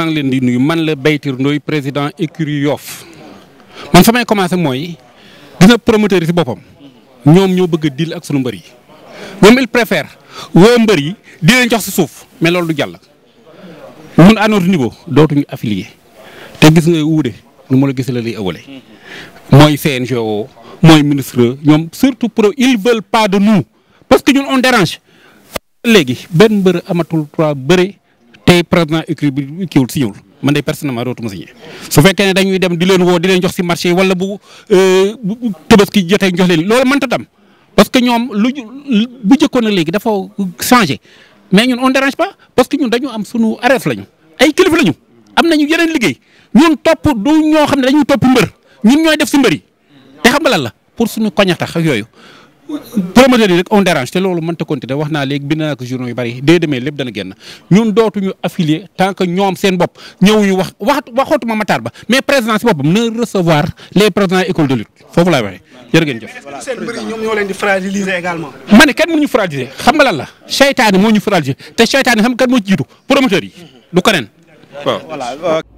maa ngi leen di nuyu man la Baytir Ndoye président écurie Yoff man fa may commencé mooy dina promoteur yi si boppam ñoom ñoo bëgg a deal ak sunu mbër yi ñoom il préfère woo mbër yi di jox si suuf mais du jàll. mun à notre niveau dootuñu affilié te gis nga wuude nu ma la gis la lay ëwale mooy CNG woo mooy ministre ñoom surtout pro ils veulent pas de nous parce que ñun on dérange. léegi benn mbër amatul trois bëre tey président écrit bi kiiwul siñewul man de personnellement dootuma signé su fekkee ne dañuy dem di leen woo di leen jox si marché yi euh, bu tabaski jotee jox leen loolu mënta tam parce que ñoom lu bu jëkkoon a léegi dafa changé mais ñun on dérange parce que ñun dañu am sunu areef lañu ay kilifa lañu am nañu yeneen liggéey ñun topp du ñoo xam ne dañuy topp mbër ñun ñooy def si mbër yi te xam nga lan pour suñu koñatax ak yooyu promoteurs yi rek on dérange te loolu mënta continuer wax naa léegi bind naa ko bari dès demain lépp dana génn ñun dootuñu affilier tant ñoom seen bopp ñëwuñu wax waxootuma Matar Ba mais président si boppam na recevoir les présidents école de lutte foofu laay waxee jërë ngeen jëf. seen mbir yi fragiliser xam nga lan la moo ñu fragiliser te seytaane xam nga moo jiitu promoteurs du keneen euh,